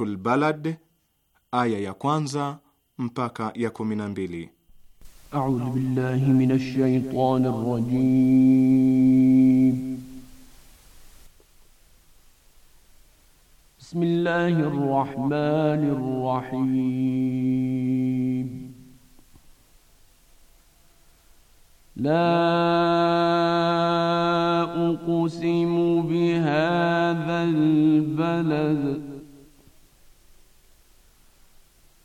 Suratul Balad aya ya kwanza mpaka ya kumi na mbili. A'udhu billahi minash shaitanir rajim. Bismillahir rahmanir rahim. لا أقسم بهذا البلد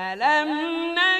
ألم نجعل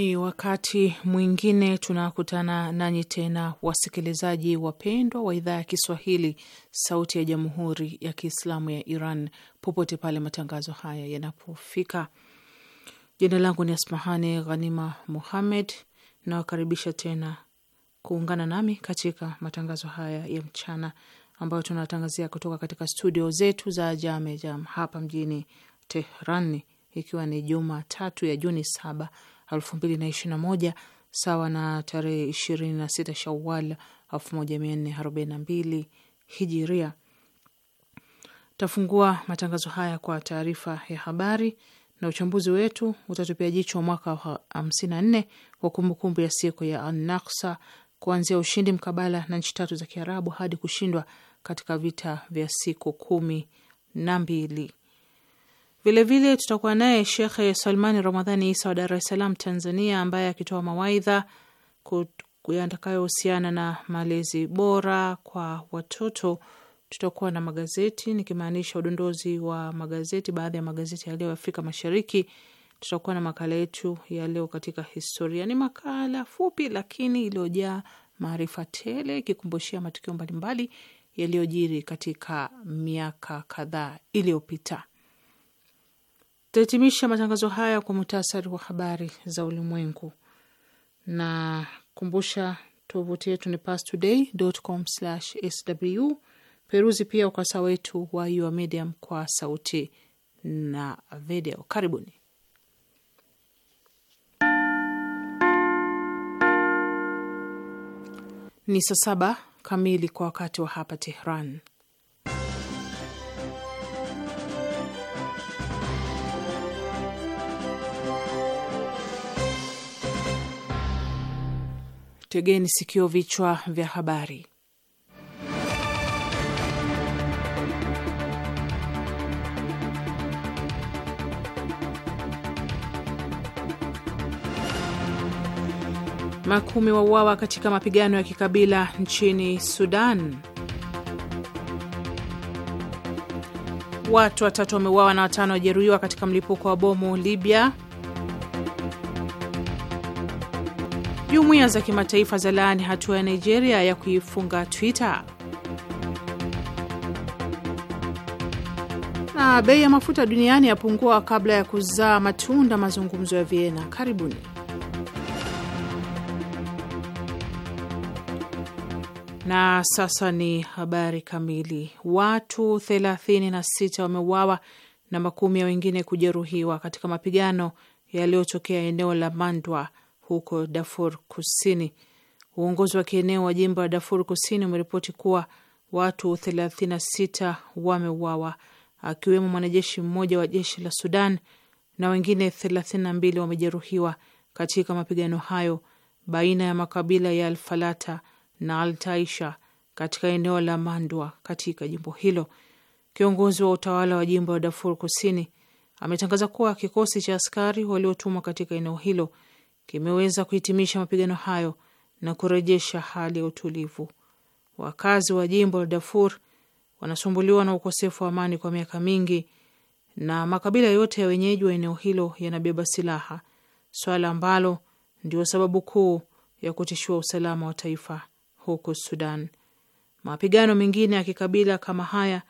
Ni wakati mwingine tunakutana nanyi tena, wasikilizaji wapendwa wa idhaa ya Kiswahili, Sauti ya Jamhuri ya Kiislamu ya Iran, popote pale matangazo haya yanapofika. Jina langu ni Asmahani Ghanima Muhammed, nawakaribisha tena kuungana nami katika matangazo haya ya mchana ambayo tunatangazia kutoka katika studio zetu za Jamejam hapa mjini tehran ikiwa ni Jumatatu ya Juni saba elfu mbili na ishirini na moja sawa na tarehe ishirini na sita Shawal elfu moja mia nne arobaini na mbili hijiria. Tafungua matangazo haya kwa taarifa ya habari na uchambuzi wetu utatupia jicho mwaka wa hamsini na nne wa kumbukumbu ya siku ya Anaksa, kuanzia ushindi mkabala na nchi tatu za Kiarabu hadi kushindwa katika vita vya siku kumi na mbili. Vilevile tutakuwa naye Shekhe Salmani Ramadhani Isa wa Dar es Salaam, Tanzania, ambaye akitoa mawaidha yatakayohusiana na malezi bora kwa watoto. Tutakuwa na magazeti, nikimaanisha udondozi wa magazeti, baadhi ya magazeti ya leo Afrika Mashariki. Tutakuwa na makala yetu ya leo katika historia. Ni makala fupi lakini iliyojaa maarifa tele, ikikumbushia matukio mbalimbali yaliyojiri katika miaka kadhaa iliyopita. Tutahitimisha matangazo haya kwa muhtasari wa habari za ulimwengu. Nakumbusha tovuti yetu ni pastoday.com/sw. Peruzi pia ukurasa wetu wa medium kwa sauti na video. Karibuni. Ni saa saba kamili kwa wakati wa hapa Tehran. Tegeni sikio, vichwa vya habari. Makumi uawa katika mapigano ya kikabila nchini Sudan. Watu watatu wameuawa na watano wajeruhiwa katika mlipuko wa bomu Libya. Jumuiya za kimataifa za laani hatua ya Nigeria ya kuifunga Twitter, na bei ya mafuta duniani yapungua kabla ya kuzaa matunda mazungumzo ya Vienna. Karibuni. Na sasa ni habari kamili. Watu 36 wameuawa na makumi ya wengine kujeruhiwa katika mapigano yaliyotokea eneo la Mandwa huko Darfur Kusini. Uongozi wa kieneo wa jimbo la Darfur Kusini umeripoti kuwa watu 36 wameuawa akiwemo mwanajeshi mmoja wa jeshi la Sudan na wengine 32 wamejeruhiwa katika mapigano hayo baina ya makabila ya Alfalata na Altaisha katika eneo la Mandwa katika jimbo hilo. Kiongozi wa utawala wa jimbo la Darfur Kusini ametangaza kuwa kikosi cha askari waliotumwa katika eneo hilo kimeweza kuhitimisha mapigano hayo na kurejesha hali ya utulivu. Wakazi wa jimbo la Darfur wanasumbuliwa na ukosefu wa amani kwa miaka mingi, na makabila yote ya wenyeji wa eneo hilo yanabeba silaha, swala ambalo ndio sababu kuu ya kutishiwa usalama wa taifa huko Sudan. Mapigano mengine ya kikabila kama haya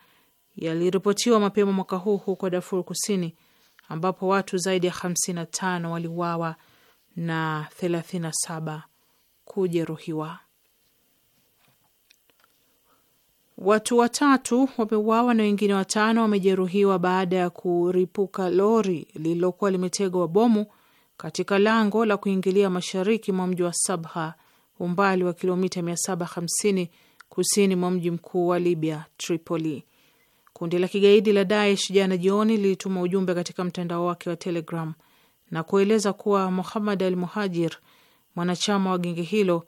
yaliripotiwa mapema mwaka huu huko Darfur Kusini, ambapo watu zaidi ya 55 waliuawa na thelathini saba kujeruhiwa. Watu watatu wameuawa na wengine watano wamejeruhiwa baada ya kuripuka lori lililokuwa limetegwa bomu katika lango la kuingilia mashariki mwa mji wa Sabha, umbali wa kilomita 750 kusini mwa mji mkuu wa Libya, Tripoli. Kundi la kigaidi la Daesh jana jioni lilituma ujumbe katika mtandao wake wa Telegram na kueleza kuwa Muhamad al Muhajir, mwanachama wa genge hilo,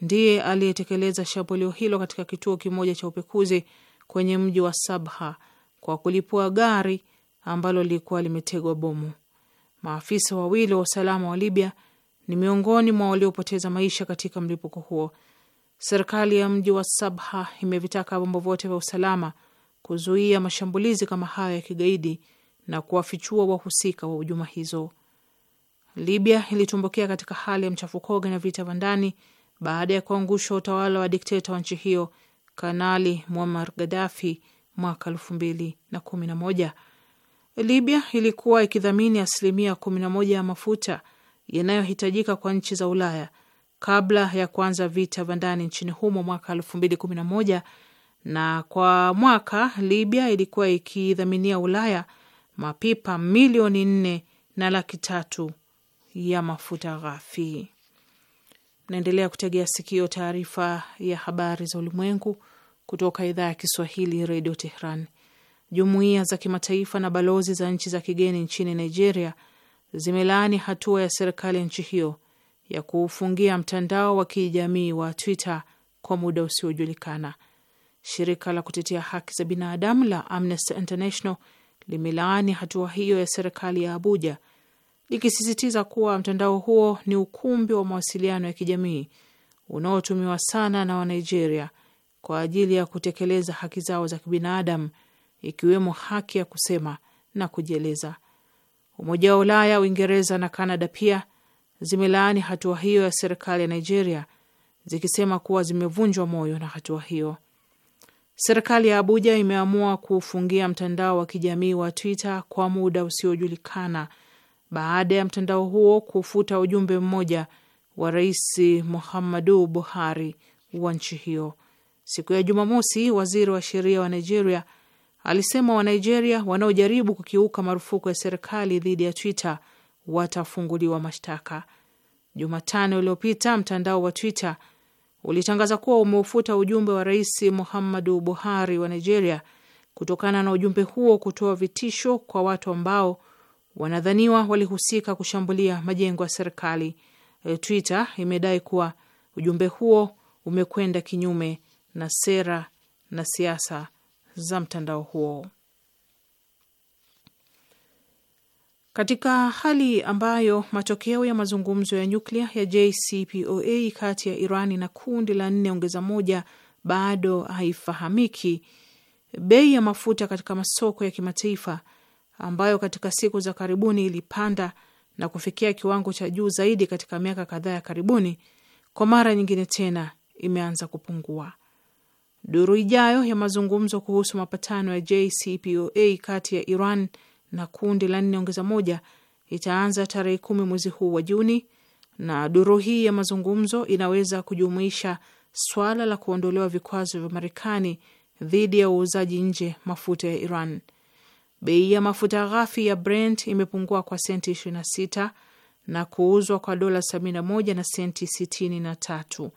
ndiye aliyetekeleza shambulio hilo katika kituo kimoja cha upekuzi kwenye mji wa Sabha kwa kulipua gari ambalo lilikuwa limetegwa bomu. Maafisa wawili wa usalama wa Libya ni miongoni mwa waliopoteza maisha katika mlipuko huo. Serikali ya mji wa Sabha imevitaka vyombo vyote vya usalama kuzuia mashambulizi kama hayo ya kigaidi na kuwafichua wahusika wa hujuma hizo. Libya ilitumbukia katika hali ya mchafukoge na vita vya ndani baada ya kuangushwa utawala wa dikteta wa nchi hiyo Kanali Muammar Gaddafi mwaka elfu mbili na kumi na moja. Libya ilikuwa ikidhamini asilimia kumi na moja ya mafuta yanayohitajika kwa nchi za Ulaya kabla ya kuanza vita vya ndani nchini humo mwaka elfu mbili kumi na moja, na kwa mwaka Libya ilikuwa ikidhaminia Ulaya mapipa milioni nne na laki tatu ya mafuta ghafi. Naendelea kutegea sikio taarifa ya habari za ulimwengu kutoka idhaa ya Kiswahili redio Tehran. Jumuiya za kimataifa na balozi za nchi za kigeni nchini Nigeria zimelaani hatua ya serikali ya nchi hiyo ya kuufungia mtandao wa kijamii wa Twitter kwa muda usiojulikana. Shirika la kutetea haki za binadamu la Amnesty International limelaani hatua hiyo ya serikali ya Abuja likisisitiza kuwa mtandao huo ni ukumbi wa mawasiliano ya kijamii unaotumiwa sana na Wanigeria kwa ajili ya kutekeleza haki zao za kibinadamu ikiwemo haki ya kusema na kujieleza. Umoja wa Ulaya, Uingereza na Kanada pia zimelaani hatua hiyo ya serikali ya Nigeria zikisema kuwa zimevunjwa moyo na hatua hiyo. Serikali ya Abuja imeamua kuufungia mtandao wa kijamii wa Twitter kwa muda usiojulikana baada ya mtandao huo kufuta ujumbe mmoja wa Rais Muhammadu Buhari wa nchi hiyo. Siku ya Jumamosi, waziri wa sheria wa Nigeria alisema Wanigeria wanaojaribu kukiuka marufuku ya serikali dhidi ya Twitter watafunguliwa mashtaka. Jumatano iliyopita mtandao wa Twitter ulitangaza kuwa umeufuta ujumbe wa Rais Muhammadu Buhari wa Nigeria kutokana na ujumbe huo kutoa vitisho kwa watu ambao wanadhaniwa walihusika kushambulia majengo ya serikali. E, Twitter imedai kuwa ujumbe huo umekwenda kinyume na sera na siasa za mtandao huo. Katika hali ambayo matokeo ya mazungumzo ya nyuklia ya JCPOA kati ya Irani na kundi la nne ongeza moja bado haifahamiki, bei ya mafuta katika masoko ya kimataifa ambayo katika siku za karibuni ilipanda na kufikia kiwango cha juu zaidi katika miaka kadhaa ya karibuni, kwa mara nyingine tena imeanza kupungua. Duru ijayo ya mazungumzo kuhusu mapatano ya JCPOA kati ya Iran na kundi la nne ongeza moja itaanza tarehe kumi mwezi huu wa Juni, na duru hii ya mazungumzo inaweza kujumuisha swala la kuondolewa vikwazo vya Marekani dhidi ya uuzaji nje mafuta ya Iran. Bei ya mafuta ghafi ya Brent imepungua kwa senti 26 na kuuzwa kwa dola 71 na senti 63.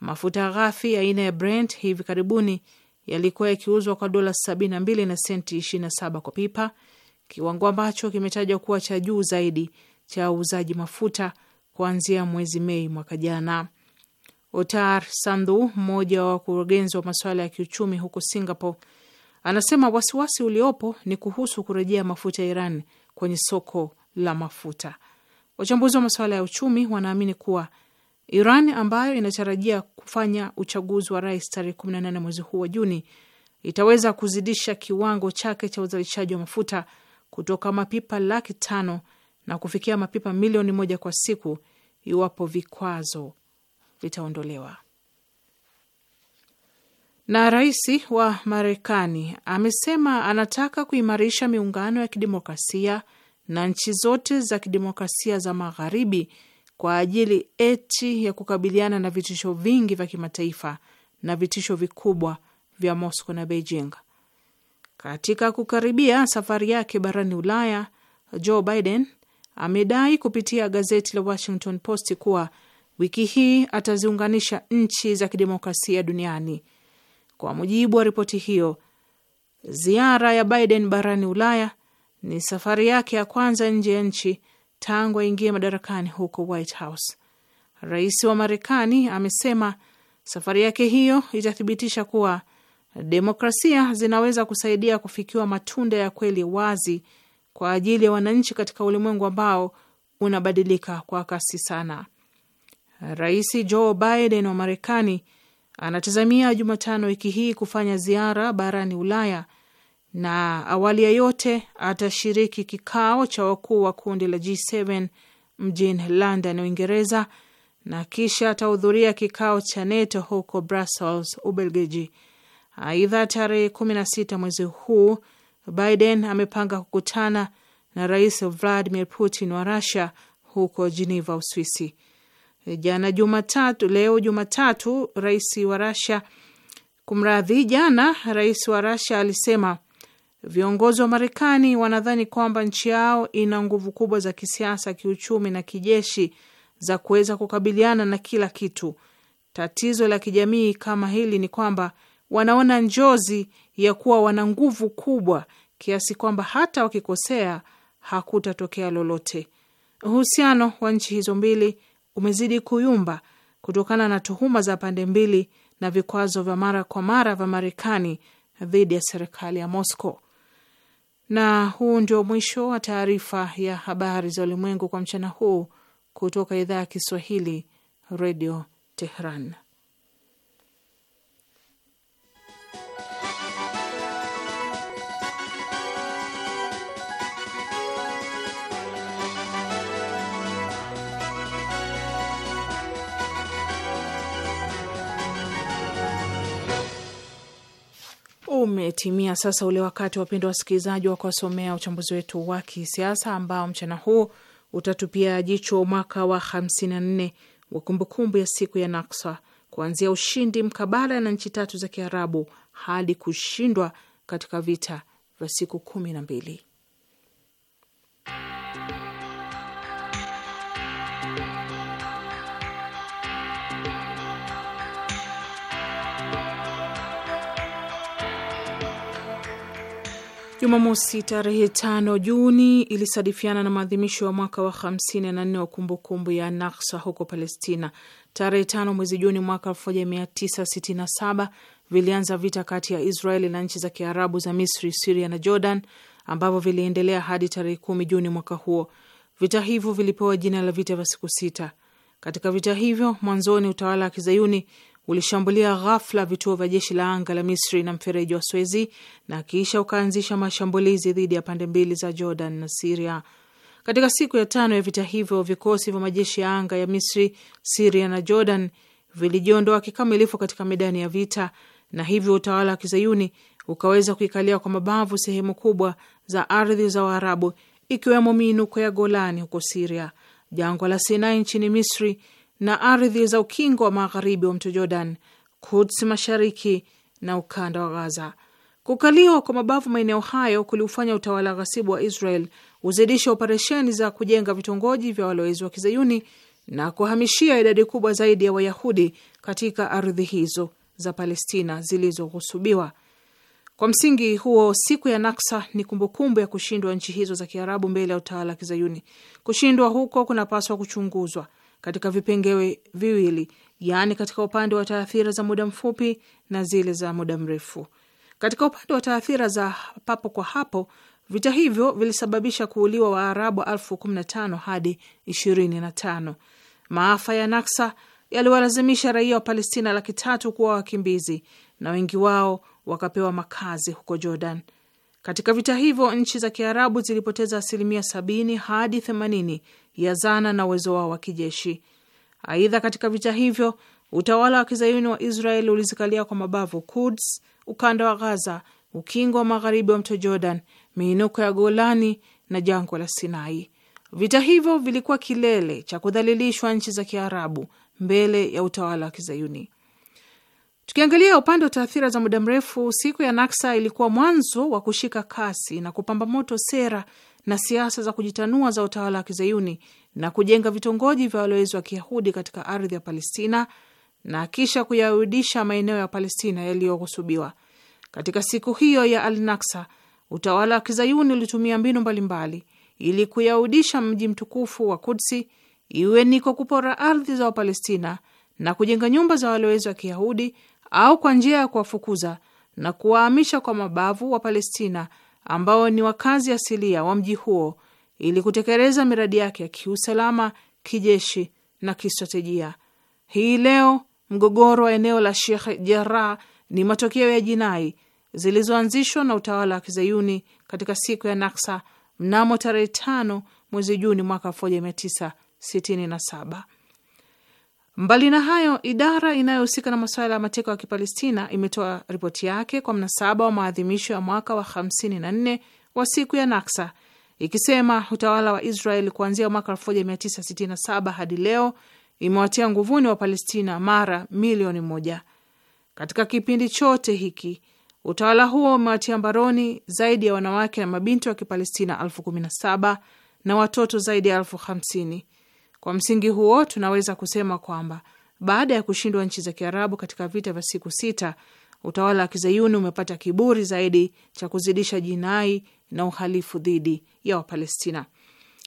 Mafuta ghafi aina ya Brent hivi karibuni yalikuwa yakiuzwa kwa dola 72 na senti 27 kwa pipa, kiwango ambacho kimetajwa kuwa cha juu zaidi cha uuzaji mafuta kuanzia mwezi Mei mwaka jana. Otar Sandhu, mmoja wa wakurugenzi wa masuala ya kiuchumi huko Singapore, Anasema wasiwasi uliopo ni kuhusu kurejea mafuta ya Iran kwenye soko la mafuta. Wachambuzi wa masuala ya uchumi wanaamini kuwa Iran ambayo inatarajia kufanya uchaguzi wa rais tarehe 18 mwezi huu wa Juni itaweza kuzidisha kiwango chake cha uzalishaji wa mafuta kutoka mapipa laki tano na kufikia mapipa milioni moja kwa siku iwapo vikwazo vitaondolewa na rais wa Marekani amesema anataka kuimarisha miungano ya kidemokrasia na nchi zote za kidemokrasia za Magharibi kwa ajili eti ya kukabiliana na vitisho vingi vya kimataifa na vitisho vikubwa vya Moscow na Beijing. Katika kukaribia safari yake barani Ulaya, Joe Biden amedai kupitia gazeti la Washington Post kuwa wiki hii ataziunganisha nchi za kidemokrasia duniani kwa mujibu wa ripoti hiyo, ziara ya Biden barani Ulaya ni safari yake ya kwanza nje ya nchi tangu aingie madarakani huko White House. Rais wa Marekani amesema safari yake hiyo itathibitisha kuwa demokrasia zinaweza kusaidia kufikiwa matunda ya kweli wazi kwa ajili ya wananchi katika ulimwengu ambao unabadilika kwa kasi sana. Rais Joe Biden wa Marekani anatazamia Jumatano wiki hii kufanya ziara barani Ulaya na awali ya yote atashiriki kikao cha wakuu wa kundi la G7 mjini London, Uingereza, na kisha atahudhuria kikao cha NATO huko Brussels, Ubelgiji. Aidha, tarehe 16 mwezi huu Biden amepanga kukutana na Rais Vladimir Putin wa Russia huko Geneva, Uswisi jana Jumatatu, leo Jumatatu, rais wa Rasia kumradhi, jana rais wa Rasia alisema viongozi wa Marekani wanadhani kwamba nchi yao ina nguvu kubwa za kisiasa, kiuchumi na kijeshi za kuweza kukabiliana na kila kitu. Tatizo la kijamii kama hili ni kwamba wanaona njozi ya kuwa wana nguvu kubwa kiasi kwamba hata wakikosea hakutatokea lolote. Uhusiano wa nchi hizo mbili umezidi kuyumba kutokana na tuhuma za pande mbili na vikwazo vya mara kwa mara vya Marekani dhidi ya serikali ya Moscow. Na huu ndio mwisho wa taarifa ya habari za ulimwengu kwa mchana huu kutoka idhaa ya Kiswahili, Redio Tehran. umetimia sasa ule wakati, wapendwa wasikilizaji, wa kuwasomea uchambuzi wetu wa kisiasa ambao mchana huu utatupia jicho mwaka wa 54 wa kumbukumbu ya siku ya Naksa, kuanzia ushindi mkabala na nchi tatu za Kiarabu hadi kushindwa katika vita vya siku kumi na mbili. Jumamosi tarehe tano Juni ilisadifiana na maadhimisho ya mwaka wa 54 wa kumbukumbu ya Naksa huko Palestina. Tarehe tano mwezi Juni mwaka saba vilianza vita kati ya Israeli na nchi za Kiarabu za Misri, Siria na Jordan ambavyo viliendelea hadi tarehe kumi Juni mwaka huo. Vita hivyo vilipewa jina la vita vya siku sita. Katika vita hivyo, mwanzoni utawala wa kizayuni ulishambulia ghafla vituo vya jeshi la anga la Misri na mfereji wa Swezi na kisha ukaanzisha mashambulizi dhidi ya pande mbili za Jordan na Siria. Katika siku ya tano ya vita hivyo, vikosi vya majeshi ya anga ya Misri, Siria na Jordan vilijiondoa kikamilifu katika medani ya vita, na hivyo utawala wa kizayuni ukaweza kuikalia kwa mabavu sehemu kubwa za ardhi za Waarabu, ikiwemo miinuko ya Golani huko Siria, jangwa la Sinai nchini Misri na ardhi za ukingo wa magharibi wa mto Jordan, Kuds mashariki na ukanda wa Ghaza. Kukaliwa kwa mabavu maeneo hayo kuliufanya utawala ghasibu wa Israel uzidishe operesheni za kujenga vitongoji vya walowezi wa kizayuni na kuhamishia idadi kubwa zaidi ya Wayahudi katika ardhi hizo za Palestina zilizoghusubiwa. Kwa msingi huo, siku ya Naksa ni kumbukumbu ya kushindwa nchi hizo za Kiarabu mbele ya utawala wa kizayuni. Kushindwa huko kunapaswa kuchunguzwa katika vipengewe viwili, yaani katika upande wa taathira za muda mfupi na zile za muda mrefu. Katika upande wa taathira za papo kwa hapo, vita hivyo vilisababisha kuuliwa Waarabu elfu kumi na tano hadi ishirini na tano. Maafa ya Naksa yaliwalazimisha raia wa Palestina laki tatu kuwa wakimbizi na wengi wao wakapewa makazi huko Jordan. Katika vita hivyo nchi za Kiarabu zilipoteza asilimia sabini hadi themanini ya zana na uwezo wao wa kijeshi. Aidha, katika vita hivyo utawala wa kizayuni wa Israel ulizikalia kwa mabavu Kuds, ukanda wa Ghaza, ukingo wa magharibi wa mto Jordan, miinuko ya Golani na jangwa la Sinai. Vita hivyo vilikuwa kilele cha kudhalilishwa nchi za Kiarabu mbele ya utawala wa kizayuni. Tukiangalia upande wa taathira za muda mrefu, siku ya Naksa ilikuwa mwanzo wa kushika kasi na kupamba moto sera na siasa za kujitanua za utawala wa kizayuni na kujenga vitongoji vya walowezi wa kiyahudi katika ardhi ya Palestina na kisha kuyarudisha maeneo ya Palestina yaliyohusubiwa. Katika siku hiyo ya Al Naksa, utawala wa kizayuni ulitumia mbinu mbalimbali ili kuyarudisha mji mtukufu wa Kudsi, iwe ni kwa kupora ardhi za Wapalestina na kujenga nyumba za walowezi wa kiyahudi au kwa njia ya kuwafukuza na kuwahamisha kwa mabavu wa Palestina ambao ni wakazi asilia wa mji huo ili kutekeleza miradi yake ya kiusalama, kijeshi na kistratejia. Hii leo mgogoro wa eneo la Sheikh Jarrah ni matokeo ya jinai zilizoanzishwa na utawala wa kizayuni katika siku ya Naksa mnamo tarehe 5 mwezi Juni mwaka saba. Mbali na hayo, idara inayohusika na masuala ya mateka wa Kipalestina imetoa ripoti yake kwa mnasaba wa maadhimisho ya mwaka wa 54 wa siku ya Naksa, ikisema utawala wa Israel kuanzia mwaka 1967 hadi leo imewatia nguvuni wa Palestina mara milioni moja. Katika kipindi chote hiki utawala huo umewatia mbaroni zaidi ya wanawake na mabinti wa Kipalestina elfu kumi na saba na watoto zaidi ya elfu hamsini. Kwa msingi huo, tunaweza kusema kwamba baada ya kushindwa nchi za Kiarabu katika vita vya siku sita, utawala wa kizayuni umepata kiburi zaidi cha kuzidisha jinai na uhalifu dhidi ya Wapalestina.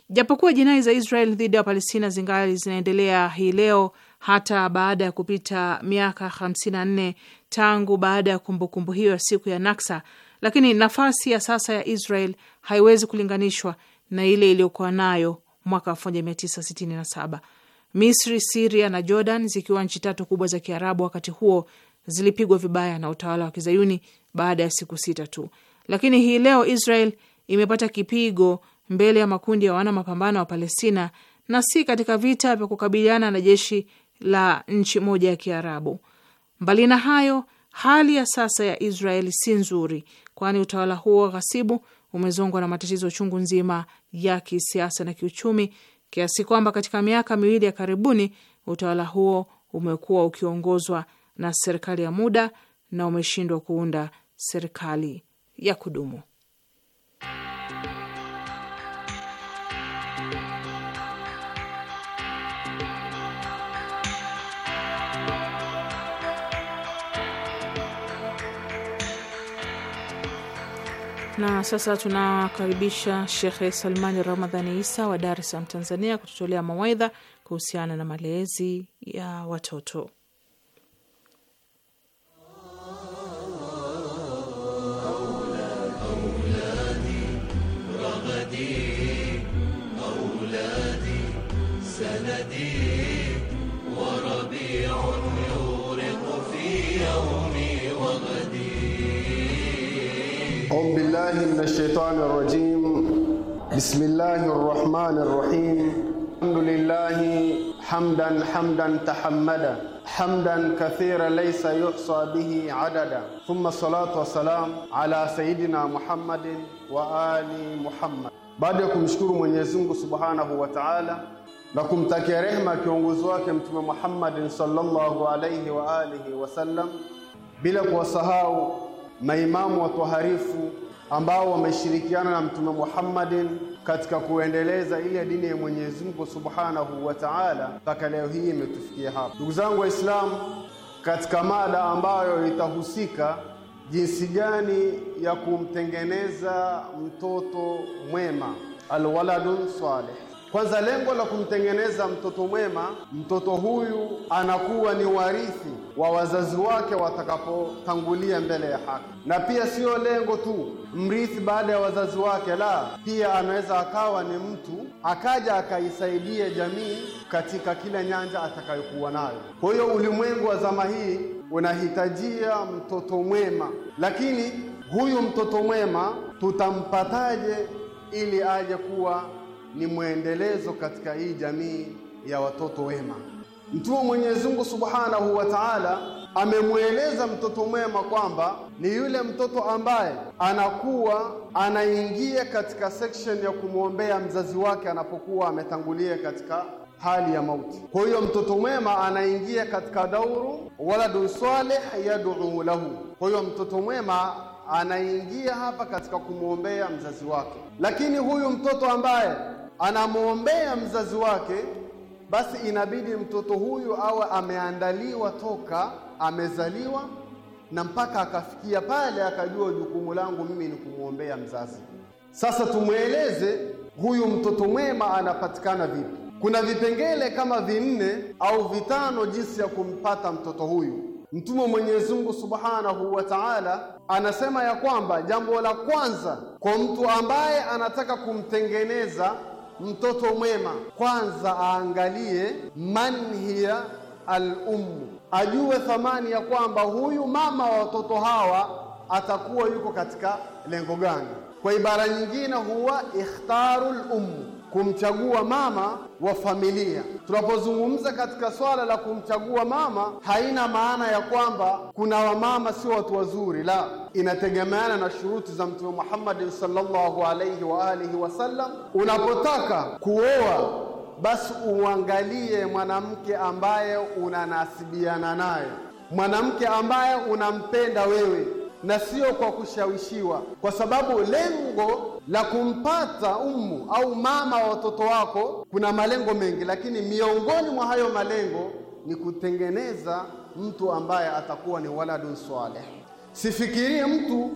Japokuwa jinai za Israel dhidi ya Wapalestina zingali zinaendelea hii leo hata baada ya kupita miaka 54 tangu baada ya kumbukumbu hiyo ya siku ya Naksa, lakini nafasi ya sasa ya Israel haiwezi kulinganishwa na ile iliyokuwa nayo mwaka 1967. Misri, Siria na Jordan zikiwa nchi tatu kubwa za Kiarabu wakati huo zilipigwa vibaya na utawala wa kizayuni baada ya siku sita tu, lakini hii leo Israel imepata kipigo mbele ya makundi ya wana mapambano wa Palestina na si katika vita vya kukabiliana na jeshi la nchi moja ya Kiarabu. Mbali na hayo, hali ya sasa ya Israel si nzuri, kwani utawala huo ghasibu umezongwa na matatizo chungu nzima ya kisiasa na kiuchumi kiasi kwamba katika miaka miwili ya karibuni utawala huo umekuwa ukiongozwa na serikali ya muda na umeshindwa kuunda serikali ya kudumu. Na sasa tunakaribisha Shekhe Salmani Ramadhani Isa wa Dar es Salaam, Tanzania, kututolea mawaidha kuhusiana na malezi ya watoto. الله من الشيطان الرجيم بسم الله الرحمن الرحيم الحمد لله حمدا حمدا تحمدا حمدا كثيرا ليس يحصى به عددا ثم الصلاة والسلام على سيدنا محمد وآل محمد بعد كمشكور من يزنك سبحانه وتعالى لكم تكرهما كونغوزوك متما محمد صلى الله عليه وآله وسلم بلا وصهاو ما إمام وطهريفو ambao wameshirikiana na Mtume Muhammadin katika kuendeleza ile dini ya Mwenyezi Mungu Subhanahu wa Ta'ala mpaka leo hii imetufikia hapa. Ndugu zangu Waislamu, katika mada ambayo itahusika jinsi gani ya kumtengeneza mtoto mwema, alwaladun salih kwanza, lengo la kumtengeneza mtoto mwema, mtoto huyu anakuwa ni warithi wa wazazi wake watakapotangulia mbele ya haki, na pia siyo lengo tu mrithi baada ya wazazi wake, la, pia anaweza akawa ni mtu akaja akaisaidia jamii katika kila nyanja atakayokuwa nayo. Kwa hiyo ulimwengu wa zama hii unahitajia mtoto mwema, lakini huyu mtoto mwema tutampataje ili aje kuwa ni mwendelezo katika hii jamii ya watoto wema. Mtume Mwenyezi Mungu Subhanahu wa Ta'ala amemweleza mtoto mwema kwamba ni yule mtoto ambaye anakuwa anaingia katika section ya kumwombea mzazi wake anapokuwa ametangulia katika hali ya mauti. Kwa hiyo mtoto mwema anaingia katika dauru waladu salih yad'u lahu. Kwa hiyo mtoto mwema anaingia hapa katika kumwombea mzazi wake, lakini huyu mtoto ambaye anamwombea mzazi wake, basi inabidi mtoto huyu awe ameandaliwa toka amezaliwa na mpaka akafikia pale akajua jukumu langu mimi ni kumwombea mzazi. Sasa tumweleze huyu mtoto mwema anapatikana vipi? Kuna vipengele kama vinne au vitano jinsi ya kumpata mtoto huyu. Mtume Mwenyezi Mungu Subhanahu wa Ta'ala anasema ya kwamba jambo la kwanza kwa mtu ambaye anataka kumtengeneza mtoto mwema kwanza aangalie man hiya al-ummu, ajue thamani ya kwamba huyu mama wa watoto hawa atakuwa yuko katika lengo gani. Kwa ibara nyingine, huwa ikhtaru lummu kumchagua mama wa familia. Tunapozungumza katika swala la kumchagua mama, haina maana ya kwamba kuna wamama sio watu wazuri, la, inategemeana na shuruti za Mtume Muhammad sallallahu alaihi wa alihi wasallam. Unapotaka kuoa basi uangalie mwanamke ambaye unanasibiana naye, mwanamke ambaye unampenda wewe na sio kwa kushawishiwa, kwa sababu lengo la kumpata umu au mama wa watoto wako kuna malengo mengi, lakini miongoni mwa hayo malengo ni kutengeneza mtu ambaye atakuwa ni waladun saleh. Sifikirie mtu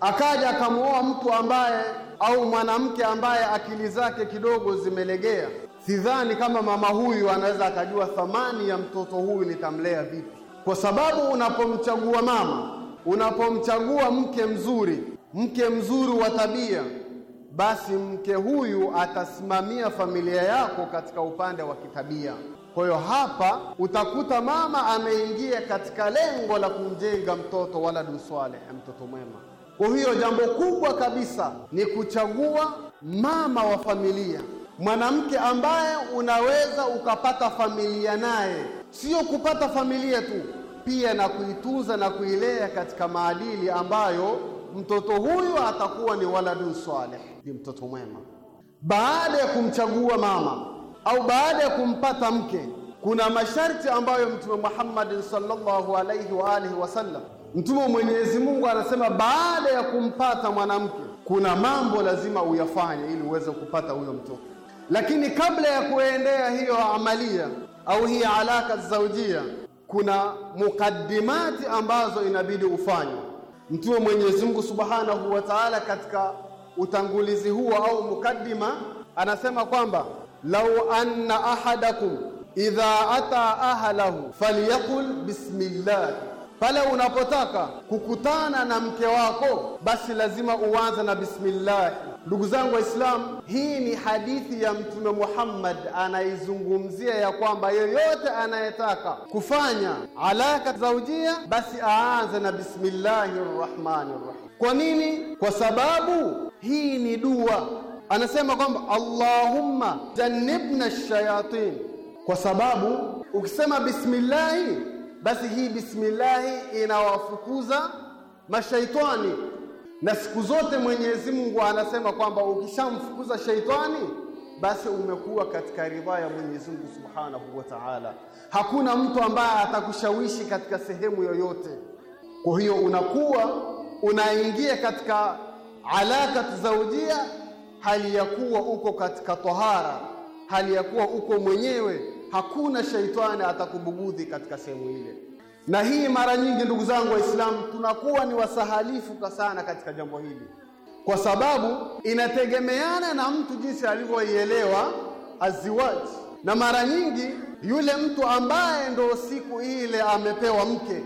akaja akamwoa mtu ambaye au mwanamke ambaye akili zake kidogo zimelegea. Sidhani kama mama huyu anaweza akajua thamani ya mtoto huyu nitamlea vipi, kwa sababu unapomchagua mama unapomchagua mke mzuri, mke mzuri wa tabia, basi mke huyu atasimamia familia yako katika upande wa kitabia. Kwa hiyo hapa utakuta mama ameingia katika lengo la kumjenga mtoto waladun swaleh eh, mtoto mwema. Kwa hiyo jambo kubwa kabisa ni kuchagua mama wa familia, mwanamke ambaye unaweza ukapata familia naye, sio kupata familia tu pia na kuitunza na kuilea katika maadili ambayo mtoto huyu atakuwa ni waladun salih, ni mtoto mwema. Baada ya kumchagua mama au baada ya kumpata mke, kuna masharti ambayo Mtume Muhammad sallallahu alaihi wa alihi wasallam, mtume wa Mwenyezi Mungu anasema, baada ya kumpata mwanamke kuna mambo lazima uyafanye ili uweze kupata huyo mtoto, lakini kabla ya kuendea hiyo amalia au hii alaka zaujia kuna mukaddimati ambazo inabidi ufanywe. Mtume Mwenyezi Mungu Subhanahu wa Ta'ala katika utangulizi huo au mukaddima anasema kwamba lau anna ahadakum idha ata ahlahu falyaqul bismillah pale unapotaka kukutana na mke wako, basi lazima uanze na bismillahi. Ndugu zangu Waislamu, hii ni hadithi ya Mtume Muhammad anaizungumzia ya kwamba yeyote anayetaka kufanya alaka zaujia, basi aanze na bismillahi rrahmani rrahim. Kwa nini? Kwa sababu hii ni dua. Anasema kwamba Allahumma jannibna shayatin, kwa sababu ukisema bismillahi basi hii bismillahi inawafukuza mashaitani. Na siku zote Mwenyezi Mungu anasema kwamba ukishamfukuza shaitani, basi umekuwa katika ridhaa ya Mwenyezi Mungu Subhanahu wa Ta'ala. Hakuna mtu ambaye atakushawishi katika sehemu yoyote. Kwa hiyo unakuwa unaingia katika alaka zaujia, hali ya kuwa uko katika tohara, hali ya kuwa uko mwenyewe hakuna shaitani atakubugudhi katika sehemu ile. Na hii mara nyingi, ndugu zangu Waislamu, tunakuwa ni wasahalifu sana katika jambo hili, kwa sababu inategemeana na mtu jinsi alivyoielewa aziwaji, na mara nyingi yule mtu ambaye ndo siku ile amepewa mke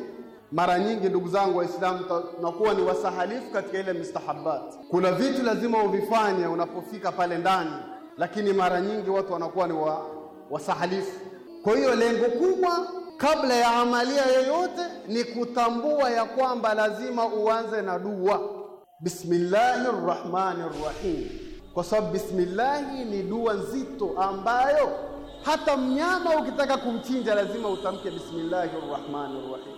mara nyingi ndugu zangu Waislamu, tunakuwa ni wasahalifu katika ile mustahabbat. Kuna vitu lazima uvifanye unapofika pale ndani, lakini mara nyingi watu wanakuwa ni wa wasahalifu. Kwa hiyo lengo kubwa kabla ya amalia yoyote ni kutambua ya kwamba lazima uanze na dua, bismillahi rrahmani rrahim, kwa sababu bismillahi ni dua nzito ambayo hata mnyama ukitaka kumchinja lazima utamke bismillahi rrahmani rrahim.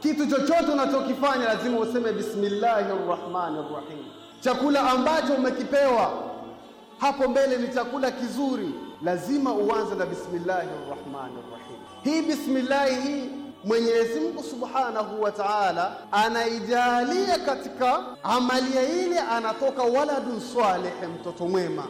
Kitu chochote unachokifanya lazima useme bismillahi rrahmani rrahim. Chakula ambacho umekipewa hapo mbele ni chakula kizuri lazima uanze na bismillahi rrahmani rrahim. Hii bismillahi hii Mwenyezi Mungu subhanahu wa taala anaijalia katika amalia ile, anatoka waladun salehe, mtoto mwema.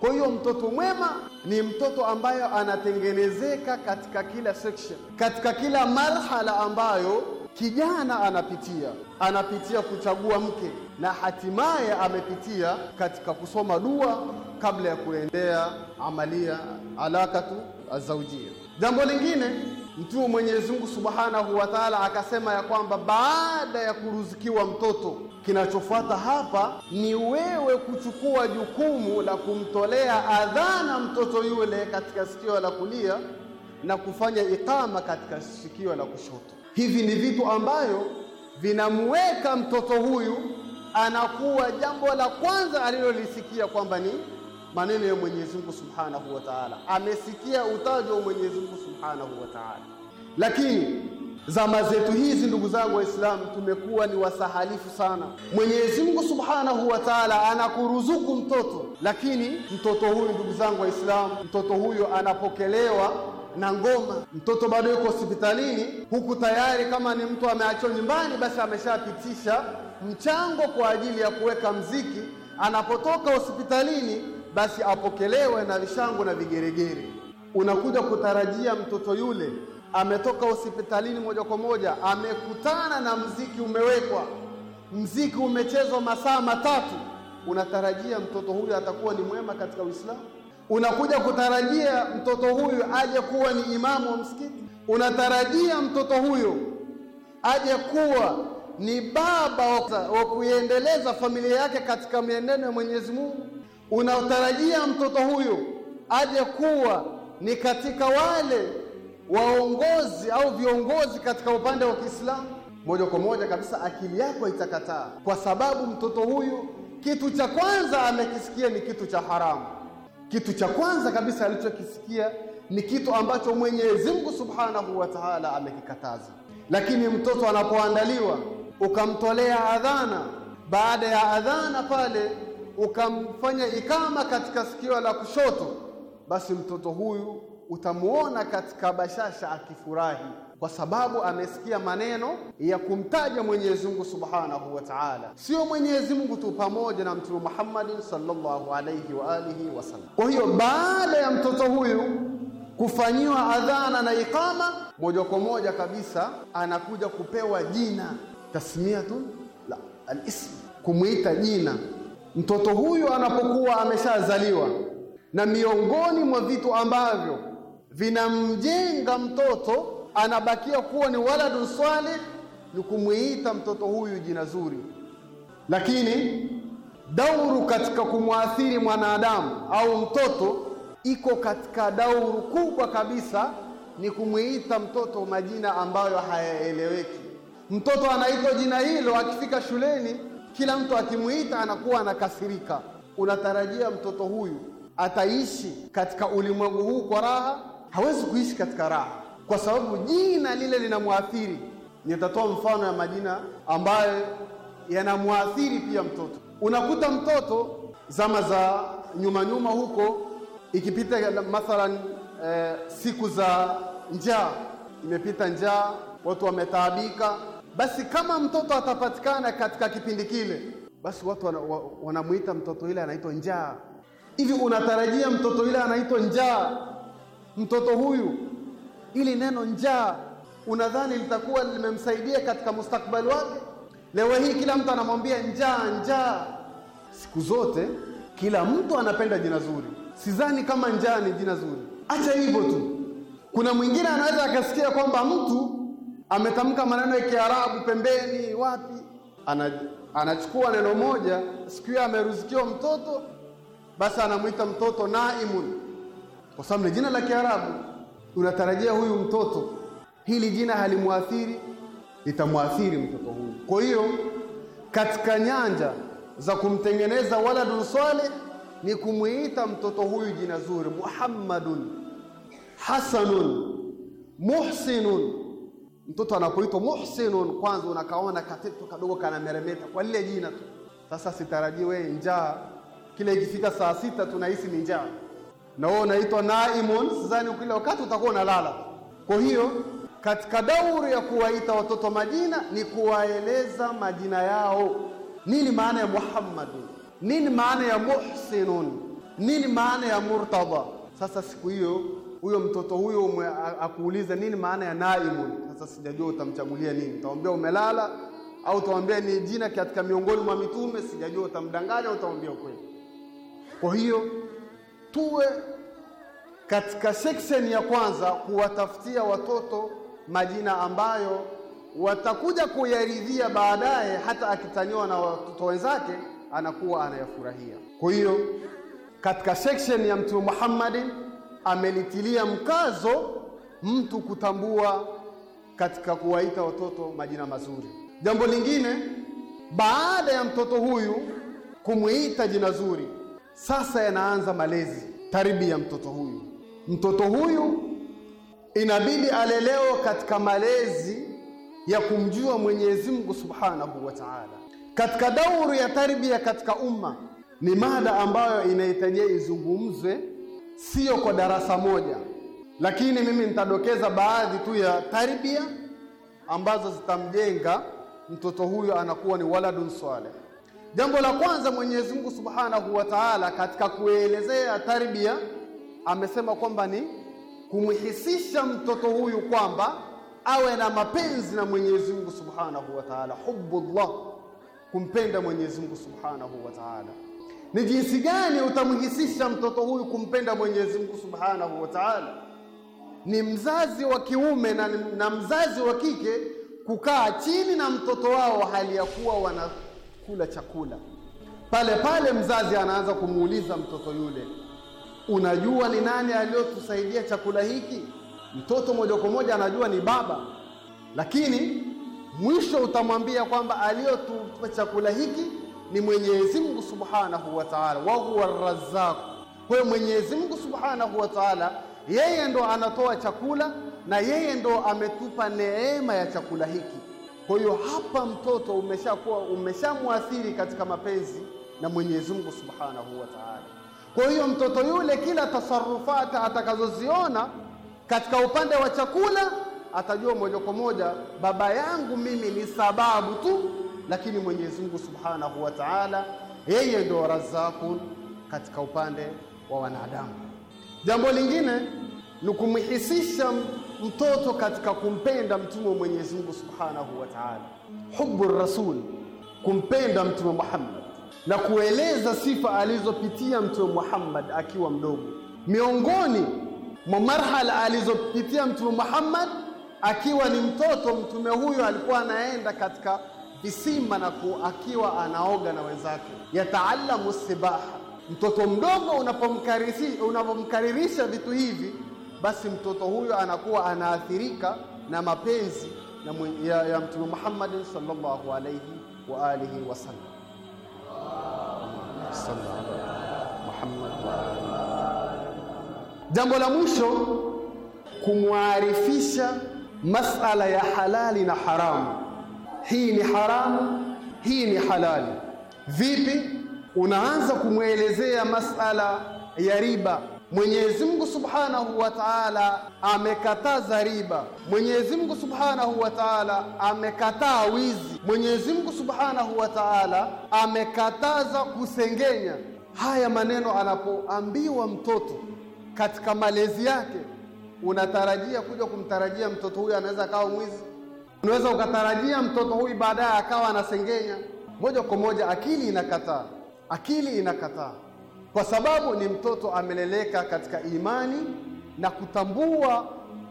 Kwa hiyo mtoto mwema ni mtoto ambayo anatengenezeka katika kila section, katika kila marhala ambayo kijana anapitia, anapitia kuchagua mke na hatimaye amepitia katika kusoma dua kabla ya kuendea amalia alakatu azaujia. Jambo lingine Mtume Mwenyezi Mungu Subhanahu wa Ta'ala akasema ya kwamba baada ya kuruzukiwa mtoto, kinachofuata hapa ni wewe kuchukua jukumu la kumtolea adhana mtoto yule katika sikio la kulia na kufanya ikama katika sikio la kushoto. Hivi ni vitu ambayo vinamweka mtoto huyu anakuwa jambo la kwanza alilolisikia kwamba ni maneno ya Mwenyezi Mungu Subhanahu wa Ta'ala, amesikia utajwa wa Mwenyezi Mungu Subhanahu wa Ta'ala. Lakini zama zetu hizi, ndugu zangu Waislamu, tumekuwa ni wasahalifu sana. Mwenyezi Mungu Subhanahu wa Ta'ala anakuruzuku mtoto, lakini mtoto huyu, ndugu zangu Waislamu, mtoto huyo anapokelewa na ngoma. Mtoto bado yuko hospitalini, huku tayari kama ni mtu ameachwa nyumbani, basi ameshapitisha mchango kwa ajili ya kuweka mziki. Anapotoka hospitalini basi apokelewe na vishangwe na vigeregere. Unakuja kutarajia mtoto yule ametoka hospitalini moja kwa moja, amekutana na mziki umewekwa, mziki umechezwa masaa matatu, unatarajia mtoto huyu atakuwa ni mwema katika Uislamu? Unakuja kutarajia mtoto huyu aje kuwa ni imamu wa msikiti? Unatarajia mtoto huyu aje kuwa ni baba wa kuiendeleza familia yake katika mienendo ya Mwenyezi Mungu? unaotarajia mtoto huyu aje kuwa ni katika wale waongozi au viongozi katika upande wa Kiislamu? Moja kwa moja kabisa akili yako itakataa, kwa sababu mtoto huyu kitu cha kwanza amekisikia ni kitu cha haramu. Kitu cha kwanza kabisa alichokisikia ni kitu ambacho Mwenyezi Mungu Subhanahu wa Ta'ala amekikataza. Lakini mtoto anapoandaliwa ukamtolea adhana, baada ya adhana pale ukamfanya ikama katika sikio la kushoto, basi mtoto huyu utamuona katika bashasha akifurahi, kwa sababu amesikia maneno ya kumtaja Mwenyezi Mungu Subhanahu wa Ta'ala. Sio Mwenyezi Mungu tu, pamoja na Mtume Muhammad sallallahu alayhi wa alihi wasallam. Kwa hiyo baada ya mtoto huyu kufanyiwa adhana na ikama, moja kwa moja kabisa anakuja kupewa jina tasmiatu la alism, kumwita jina mtoto huyu anapokuwa ameshazaliwa, na miongoni mwa vitu ambavyo vinamjenga mtoto anabakia kuwa ni waladun salih ni kumwita mtoto huyu jina zuri. Lakini dauru katika kumwathiri mwanadamu au mtoto iko katika dauru kubwa kabisa, ni kumwita mtoto majina ambayo hayaeleweki. Mtoto anaitwa jina hilo, akifika shuleni kila mtu akimwita anakuwa anakasirika. Unatarajia mtoto huyu ataishi katika ulimwengu huu kwa raha? Hawezi kuishi katika raha, kwa sababu jina lile linamwathiri. Nitatoa mfano ya majina ambayo yanamwathiri pia mtoto. Unakuta mtoto zama za nyuma nyuma huko, ikipita mathalan eh, siku za njaa, imepita njaa, watu wametaabika basi kama mtoto atapatikana katika kipindi kile, basi watu wanamwita mtoto ile anaitwa njaa. Hivi unatarajia mtoto ile anaitwa njaa? Mtoto huyu, ili neno njaa unadhani litakuwa limemsaidia katika mustakbali wake? Leo hii kila mtu anamwambia njaa, njaa. Siku zote kila mtu anapenda jina zuri, sidhani kama njaa ni jina zuri. Acha hivyo tu, kuna mwingine anaweza akasikia kwamba mtu ametamka maneno ya Kiarabu pembeni wapi, anachukua neno moja. Siku hiyo ameruzikiwa mtoto, basi anamwita mtoto Naimun kwa sababu ni jina la Kiarabu. Unatarajia huyu mtoto, hili jina halimwathiri, litamwathiri mtoto huyu. Kwa hiyo katika nyanja za kumtengeneza waladun saleh ni kumwita mtoto huyu jina zuri, Muhammadun, Hasanun, Muhsinun Mtoto anapoitwa Muhsinun, kwanza unakaona kateto kadogo kanameremeta kwa lile jina tu. Sasa sitarajiwe njaa, kila ikifika saa sita tunahisi ni njaa, na wewe unaitwa naimun, sidhani kila wakati utakuwa unalala. Kwa hiyo katika dauri ya kuwaita watoto majina ni kuwaeleza majina yao. Nini maana ya muhammad Nini maana ya Muhsinun? Nini maana ya Murtada? Sasa siku hiyo huyo mtoto huyo akuulize nini maana ya naimun. Sasa sijajua utamchagulia nini, utamwambia umelala au utamwambia ni jina katika miongoni mwa mitume, sijajua utamdanganya au utamwambia ukweli. Kwa hiyo tuwe katika section ya kwanza kuwatafutia watoto majina ambayo watakuja kuyaridhia baadaye, hata akitaniwa na watoto wenzake anakuwa anayafurahia. Kwa hiyo katika section ya Mtume Muhammad amelitilia mkazo mtu kutambua katika kuwaita watoto majina mazuri. Jambo lingine, baada ya mtoto huyu kumwita jina zuri, sasa yanaanza malezi, tarbia ya mtoto huyu. Mtoto huyu inabidi alelewe katika malezi ya kumjua Mwenyezi Mungu Subhanahu wa Ta'ala. Katika dauru ya tarbia katika umma ni mada ambayo inahitajia izungumzwe sio kwa darasa moja, lakini mimi nitadokeza baadhi tu ya tarbia ambazo zitamjenga mtoto huyo anakuwa ni waladun saleh. Jambo la kwanza, Mwenyezi Mungu Subhanahu wa Ta'ala katika kuelezea tarbia amesema kwamba ni kumhisisha mtoto huyu kwamba awe na mapenzi na Mwenyezi Mungu Subhanahu wa Ta'ala, hubbullah, kumpenda Mwenyezi Mungu Subhanahu wa Ta'ala ni jinsi gani utamhisisha mtoto huyu kumpenda Mwenyezi Mungu Subhanahu wa Ta'ala. Ni mzazi wa kiume na, na mzazi wa kike kukaa chini na mtoto wao hali ya kuwa wanakula chakula. Pale pale mzazi anaanza kumuuliza mtoto yule, unajua ni nani aliyotusaidia chakula hiki? Mtoto moja kwa moja anajua ni baba, lakini mwisho utamwambia kwamba aliyotupa chakula hiki ni Mwenyezi Mungu Subhanahu wa Ta'ala, wa huwa Razzaq. Kwa hiyo Mwenyezi Mungu Subhanahu wa Ta'ala yeye ndo anatoa chakula na yeye ndo ametupa neema ya chakula hiki. Kwa hiyo hapa mtoto umeshakuwa umeshamwathiri katika mapenzi na Mwenyezi Mungu Subhanahu wa Ta'ala. Kwa hiyo mtoto yule kila tasarufati atakazoziona katika upande wa chakula atajua moja kwa moja, baba yangu mimi ni sababu tu lakini Mwenyezi Mungu Subhanahu wa Ta'ala yeye ndo razaku katika upande wa wanadamu. Jambo lingine ni kumhisisha mtoto katika kumpenda mtume wa Mwenyezi Mungu Subhanahu wa Ta'ala, hubbu rasul, kumpenda mtume Muhammad na kueleza sifa alizopitia mtume Muhammad akiwa mdogo. Miongoni mwa marhala alizopitia mtume Muhammad akiwa ni mtoto, mtume huyo alikuwa anaenda katika kisima na akiwa anaoga na wenzake. Yataalamu sibaha, mtoto mdogo unapomkaririsha vitu hivi, basi mtoto huyo anakuwa anaathirika na mapenzi na ya, ya Mtume Muhammad sallallahu alayhi wa alihi wasallam. Jambo la mwisho kumwarifisha masala ya halali na haramu hii ni haramu, hii ni halali. Vipi? Unaanza kumwelezea masala ya riba. Mwenyezi Mungu Subhanahu wa Ta'ala amekataza riba. Mwenyezi Mungu Subhanahu wa Ta'ala amekataa wizi. Mwenyezi Mungu Subhanahu wa Ta'ala amekataza kusengenya. Haya maneno anapoambiwa mtoto katika malezi yake, unatarajia kuja kumtarajia mtoto huyo anaweza kawa mwizi? Unaweza ukatarajia mtoto huyu baadaye akawa anasengenya moja kwa moja. Akili inakataa, akili inakataa, kwa sababu ni mtoto ameleleka katika imani na kutambua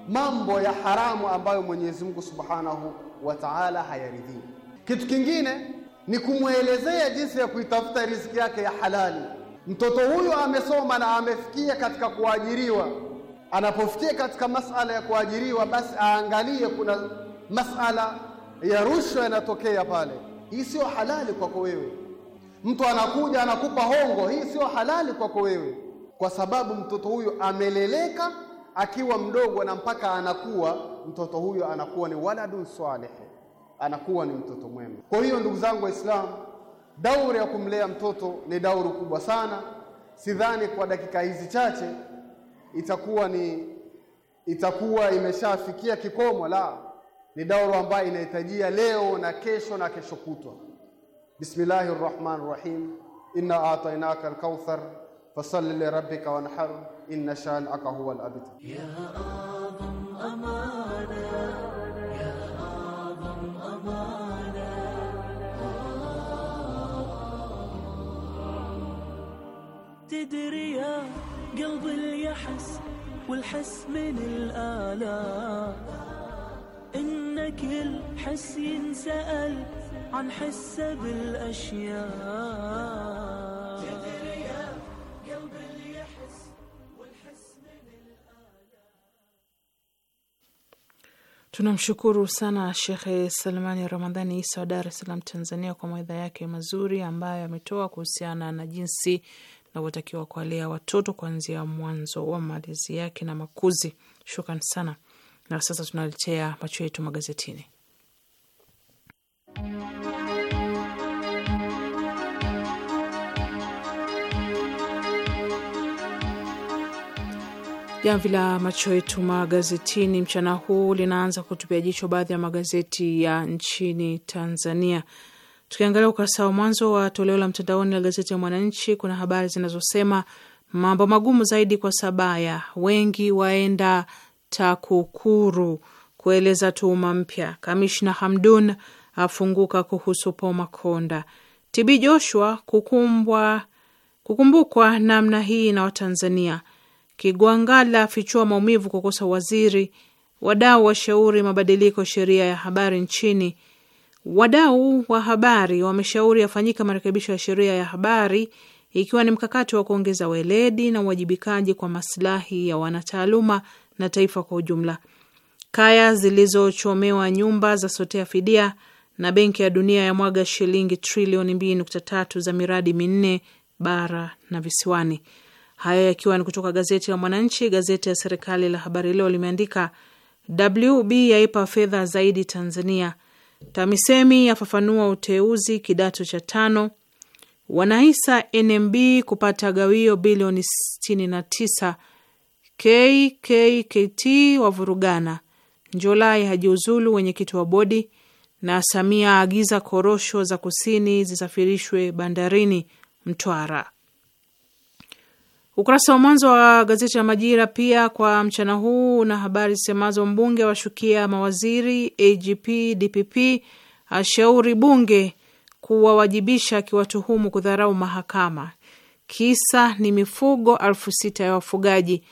mambo ya haramu ambayo Mwenyezi Mungu Subhanahu wa Ta'ala hayaridhii. Kitu kingine ni kumwelezea jinsi ya kuitafuta riziki yake ya halali. Mtoto huyu amesoma na amefikia katika kuajiriwa. Anapofikia katika masala ya kuajiriwa, basi aangalie kuna masala ya rushwa yanatokea pale, hii sio halali kwako wewe. Mtu anakuja anakupa hongo, hii sio halali kwako wewe, kwa sababu mtoto huyu ameleleka akiwa mdogo na mpaka anakuwa, mtoto huyo anakuwa ni waladun salih, anakuwa ni mtoto mwema. Kwa hiyo ndugu zangu Waislamu, dauri ya kumlea mtoto ni dauri kubwa sana. Sidhani kwa dakika hizi chache itakuwa ni itakuwa imeshafikia kikomo la ni dauru ambayo inahitajia leo na kesho na kesho kutwa bismillahir rahmanir rahim inna atainaka alkauthar fasalli li rabbika wanhar inna shan'aka huwa abtar تدري يا قلبي اليحس والحس من الآلام كل حس ينسأل عن حس بالأشياء Tunamshukuru sana Shekhe Salmani Ramadhani Isa wa Dar es Salaam, Tanzania, kwa mawaidha yake mazuri ambayo ametoa kuhusiana na jinsi navyotakiwa kuwalea watoto kuanzia mwanzo wa malezi yake na makuzi. Shukran sana. Na sasa tunaletea macho yetu magazetini. Jamvi la macho yetu magazetini mchana huu linaanza kutupia jicho baadhi ya magazeti ya nchini Tanzania. Tukiangalia ukurasa wa mwanzo wa toleo la mtandaoni la gazeti ya Mwananchi, kuna habari zinazosema mambo magumu zaidi kwa Sabaya, wengi waenda TAKUKURU kueleza tuhuma mpya. Kamishna Hamdun afunguka kuhusu Poma Konda. TB Joshua kukumbwa, kukumbukwa namna hii na Watanzania. Kigwangala afichua maumivu kukosa waziri. Wadau washauri mabadiliko sheria ya habari nchini. Wadau wa habari wameshauri afanyika marekebisho ya sheria ya habari ikiwa ni mkakati wa kuongeza weledi na uwajibikaji kwa maslahi ya wanataaluma na taifa kwa ujumla. Kaya zilizochomewa nyumba za sotea fidia, na Benki ya Dunia ya mwaga shilingi trilioni tatu za miradi minne bara na visiwani. Hayo yakiwa ni kutoka gazeti la Mwananchi. Gazeti ya serikali la Habari Leo limeandika WB yaipa fedha zaidi Tanzania, TAMISEMI yafafanua uteuzi kidato cha tano, wanahisa NMB kupata gawio bilioni tisa KKKT wavurugana, Njolai hajiuzulu wenyekiti wa bodi, na Samia aagiza korosho za kusini zisafirishwe bandarini Mtwara. Ukurasa wa mwanzo wa gazeti la Majira pia kwa mchana huu una habari zisemazo: mbunge washukia mawaziri, AGP DPP ashauri bunge kuwawajibisha akiwatuhumu kudharau mahakama, kisa ni mifugo elfu sita ya wafugaji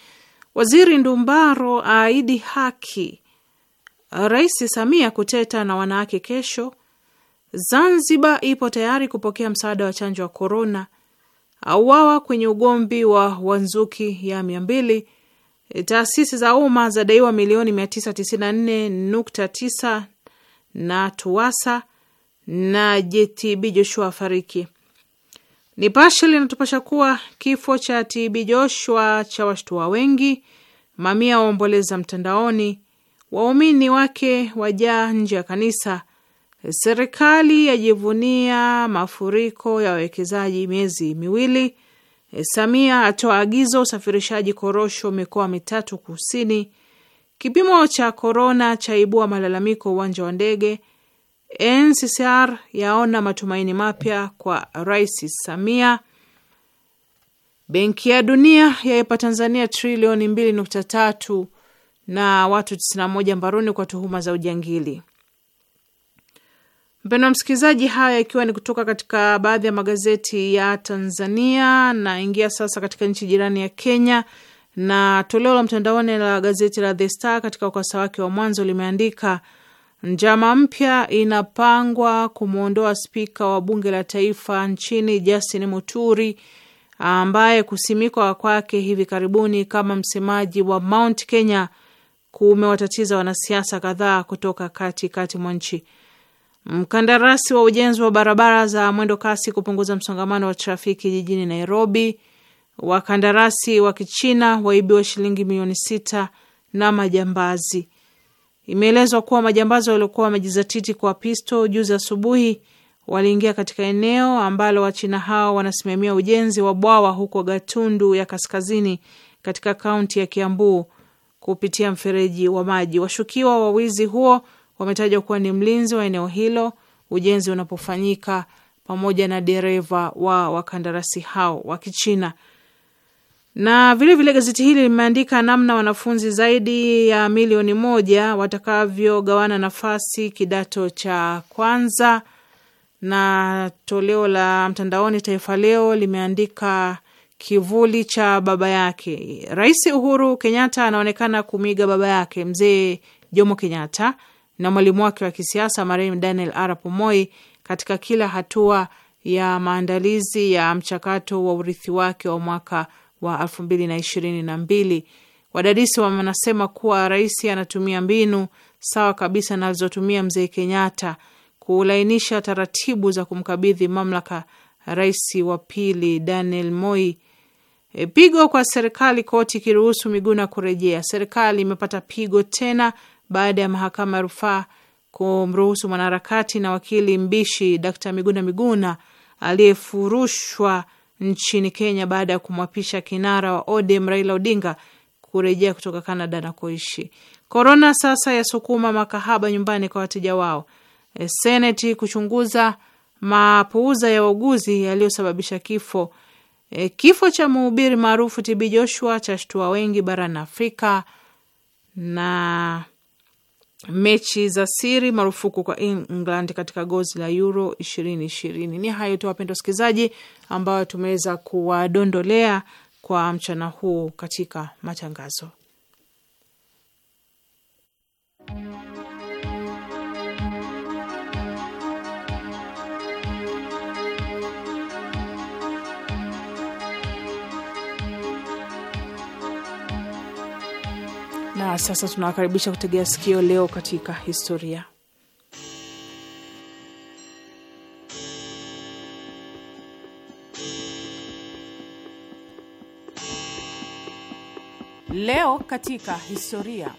Waziri Ndumbaro aahidi haki. Rais Samia kuteta na wanawake kesho. Zanzibar ipo tayari kupokea msaada wa chanjo wa korona. Auawa kwenye ugomvi wa Wanzuki ya mia mbili. Taasisi za umma zadaiwa milioni 994.9 na Tuwasa na JTB Joshua afariki. Nipashe linatupasha kuwa kifo cha TB Joshua cha washtua wengi, mamia waomboleza mtandaoni, waumini wake wajaa nje ya kanisa, serikali yajivunia mafuriko ya wawekezaji miezi miwili, Samia atoa agizo usafirishaji korosho mikoa mitatu kusini, kipimo cha korona chaibua malalamiko uwanja wa ndege NCCR yaona matumaini mapya kwa Rais Samia. Benki ya Dunia yaipa Tanzania trilioni tatu na watu 91 mbaroni kwa tuhuma za ujangili. Mpendwa msikilizaji, haya ikiwa ni kutoka katika baadhi ya magazeti ya Tanzania, na ingia sasa katika nchi jirani ya Kenya, na toleo la mtandaoni la gazeti la The Star katika ukurasa wake wa mwanzo limeandika Njama mpya inapangwa kumwondoa spika wa bunge la taifa nchini Justin Muturi ambaye kusimikwa kwake hivi karibuni kama msemaji wa Mount Kenya kumewatatiza wanasiasa kadhaa kutoka katikati mwa nchi. Mkandarasi wa ujenzi wa barabara za mwendo kasi kupunguza msongamano wa trafiki jijini Nairobi, wakandarasi wa Kichina waibiwa shilingi milioni sita na majambazi. Imeelezwa kuwa majambazi waliokuwa wamejizatiti kwa pisto juzi asubuhi waliingia katika eneo ambalo Wachina hao wanasimamia ujenzi wa bwawa huko Gatundu ya kaskazini katika kaunti ya Kiambu kupitia mfereji wa maji. Washukiwa wa wizi huo wametajwa kuwa ni mlinzi wa eneo hilo ujenzi unapofanyika, pamoja na dereva wa wakandarasi hao wa Kichina na vilevile vile gazeti hili limeandika namna wanafunzi zaidi ya milioni moja watakavyogawana nafasi kidato cha kwanza. Na toleo la mtandaoni Taifa Leo limeandika kivuli cha baba yake, Rais Uhuru Kenyatta anaonekana kumiga baba yake Mzee Jomo Kenyatta na mwalimu wake wa kisiasa marehemu Daniel Arap Moi katika kila hatua ya maandalizi ya mchakato wa urithi wake wa mwaka wa elfu mbili na ishirini na mbili. Wadadisi wanasema kuwa rais anatumia mbinu sawa kabisa na alizotumia mzee Kenyatta kulainisha taratibu za kumkabidhi mamlaka rais wa pili Daniel Moi. E, pigo kwa serikali, koti ikiruhusu Miguna kurejea. Serikali imepata pigo tena baada ya mahakama ya rufaa kumruhusu mwanaharakati na wakili mbishi d Miguna Miguna aliyefurushwa nchini Kenya baada ya kumwapisha kinara wa ODM Raila Odinga kurejea kutoka Canada na kuishi. Korona sasa yasukuma makahaba nyumbani kwa wateja wao. E, Seneti kuchunguza mapuuza ya wauguzi yaliyosababisha kifo. E, kifo cha mhubiri maarufu TB Joshua chashtua wengi barani Afrika na mechi za siri marufuku kwa England katika gozi la Euro 2020. Ni hayo tu wapendwa wasikilizaji, ambayo tumeweza kuwadondolea kwa mchana huu katika matangazo Na sasa tunawakaribisha kutegea sikio leo katika historia. Leo katika historia.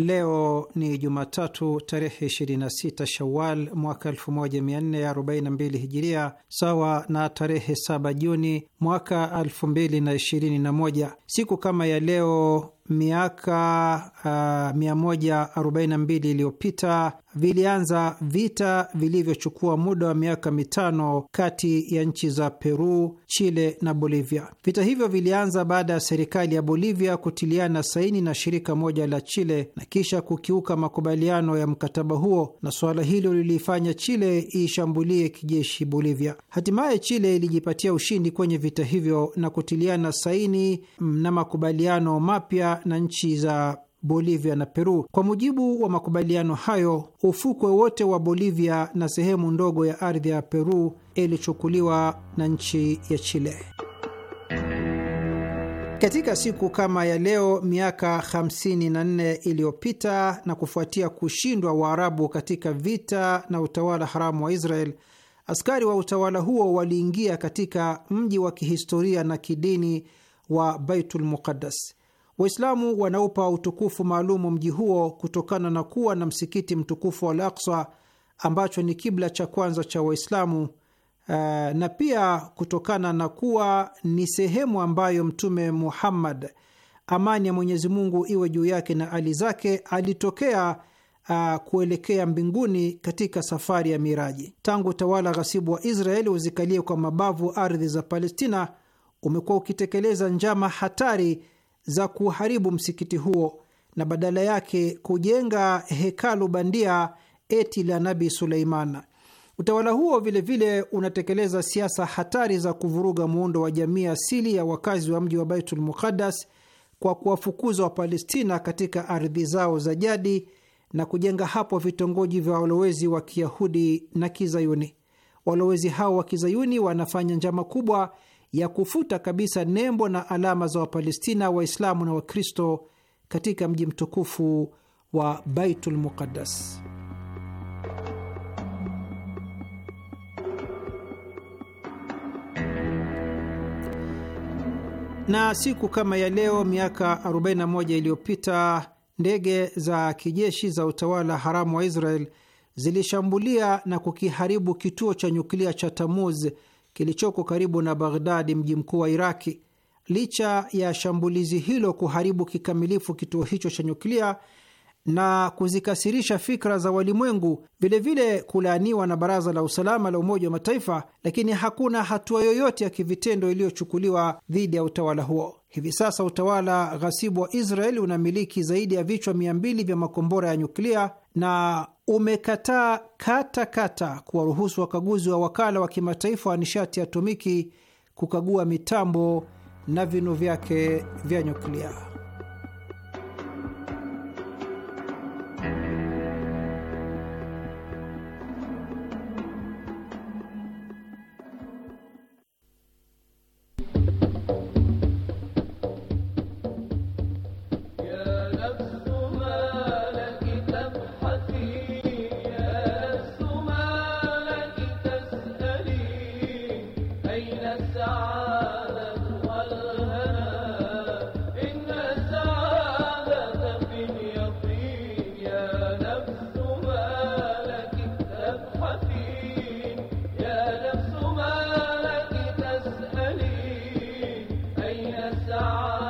Leo ni Jumatatu tarehe 26 Shawal mwaka 1442 Hijiria, sawa na tarehe 7 Juni mwaka 2021. Siku kama ya leo miaka uh, 142 iliyopita vilianza vita vilivyochukua muda wa miaka mitano kati ya nchi za Peru, Chile na Bolivia. Vita hivyo vilianza baada ya serikali ya Bolivia kutiliana saini na shirika moja la Chile na kisha kukiuka makubaliano ya mkataba huo, na suala hilo liliifanya Chile iishambulie kijeshi Bolivia. Hatimaye Chile ilijipatia ushindi kwenye vita hivyo na kutiliana saini na makubaliano mapya na nchi za Bolivia na Peru. Kwa mujibu wa makubaliano hayo, ufukwe wote wa Bolivia na sehemu ndogo ya ardhi ya Peru ilichukuliwa na nchi ya Chile. Katika siku kama ya leo miaka 54 iliyopita na kufuatia kushindwa Waarabu katika vita na utawala haramu wa Israel, askari wa utawala huo waliingia katika mji wa kihistoria na kidini wa Baitul Muqaddas. Waislamu wanaupa utukufu maalumu mji huo kutokana na kuwa na msikiti mtukufu wa Al-Aqsa ambacho ni kibla cha kwanza cha Waislamu eh, na pia kutokana na kuwa ni sehemu ambayo Mtume Muhammad, amani ya Mwenyezi Mungu iwe juu yake na ali zake, alitokea Uh, kuelekea mbinguni katika safari ya miraji. Tangu utawala ghasibu wa Israeli uzikalie kwa mabavu ardhi za Palestina, umekuwa ukitekeleza njama hatari za kuharibu msikiti huo na badala yake kujenga hekalu bandia eti la Nabi Suleiman. Utawala huo vilevile vile unatekeleza siasa hatari za kuvuruga muundo wa jamii asili ya wakazi wa mji wa Baitul Muqaddas kwa kuwafukuza Wapalestina katika ardhi zao za jadi na kujenga hapo vitongoji vya walowezi wa Kiyahudi na Kizayuni. Walowezi hao wa Kizayuni wanafanya njama kubwa ya kufuta kabisa nembo na alama za Wapalestina, Waislamu na Wakristo katika mji mtukufu wa Baitul Muqaddas. Na siku kama ya leo miaka 41 iliyopita ndege za kijeshi za utawala haramu wa Israel zilishambulia na kukiharibu kituo cha nyuklia cha Tamuz kilichoko karibu na Baghdadi, mji mkuu wa Iraki. Licha ya shambulizi hilo kuharibu kikamilifu kituo hicho cha nyuklia na kuzikasirisha fikra za walimwengu, vilevile kulaaniwa na Baraza la Usalama la Umoja wa Mataifa, lakini hakuna hatua yoyote ya kivitendo iliyochukuliwa dhidi ya utawala huo. Hivi sasa utawala ghasibu wa Israel unamiliki zaidi ya vichwa mia mbili vya makombora ya nyuklia na umekataa kata kata kuwaruhusu wakaguzi wa wakala wa kimataifa wa nishati ya atomiki kukagua mitambo na vinu vyake vya nyuklia. da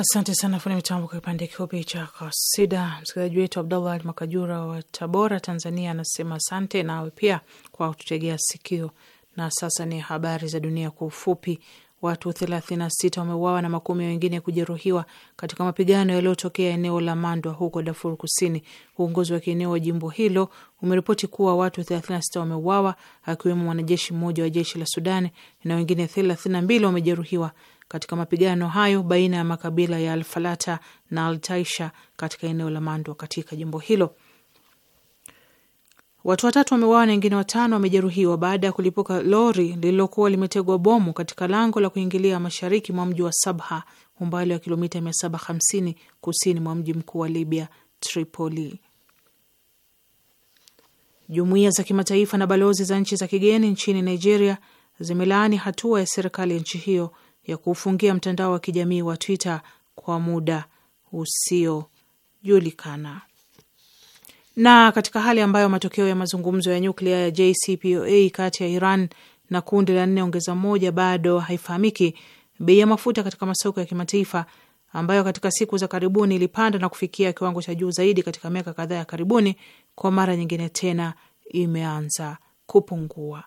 Asante sana fundi mitambo kwa kipande kifupi cha kasida. Msikilizaji wetu Abdallah Ali Makajura wa Tabora, Tanzania, anasema asante nawe pia kwa kututegea sikio. Na sasa ni habari za dunia kwa ufupi. Watu 36 wameuawa na makumi wengine kujeruhiwa katika mapigano yaliyotokea eneo la Mandwa huko Darfur Kusini. Uongozi wa kieneo wa jimbo hilo umeripoti kuwa watu 36 wameuawa akiwemo mwanajeshi mmoja wa jeshi la Sudani na wengine 32 wamejeruhiwa katika mapigano hayo baina ya makabila ya Alfalata na Altaisha katika eneo la Mandwa katika jimbo hilo. Watu watatu wameuawa na wengine watano wamejeruhiwa baada ya kulipuka lori lililokuwa limetegwa bomu katika lango la kuingilia mashariki mwa mji wa Sabha, umbali wa kilomita 750 kusini mwa mji mkuu wa Libya, Tripoli. Jumuiya za kimataifa na balozi za nchi za kigeni nchini Nigeria zimelaani hatua ya serikali ya nchi hiyo ya kuufungia mtandao wa kijamii wa Twitter kwa muda usiojulikana. Na katika hali ambayo matokeo ya mazungumzo ya nyuklia ya JCPOA kati ya Iran na kundi la nne ongeza moja bado haifahamiki, bei ya mafuta katika masoko ya kimataifa ambayo katika siku za karibuni ilipanda na kufikia kiwango cha juu zaidi katika miaka kadhaa ya karibuni, kwa mara nyingine tena imeanza kupungua.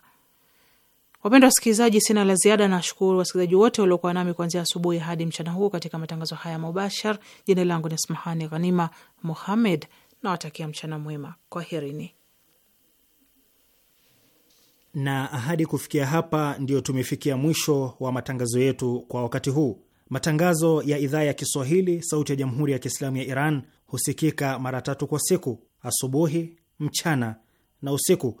Wapendwa wasikilizaji, sina la ziada. Nawashukuru wasikilizaji wote waliokuwa nami kuanzia asubuhi hadi mchana huu katika matangazo haya mubashar. Jina langu ni Asmahani Ghanima na nawatakia mchana mwema. Kwaherini na ahadi. Kufikia hapa, ndiyo tumefikia mwisho wa matangazo yetu kwa wakati huu. Matangazo ya idhaa ya Kiswahili sauti ya jamhuri ya Kiislamu ya Iran husikika mara tatu kwa siku: asubuhi, mchana na usiku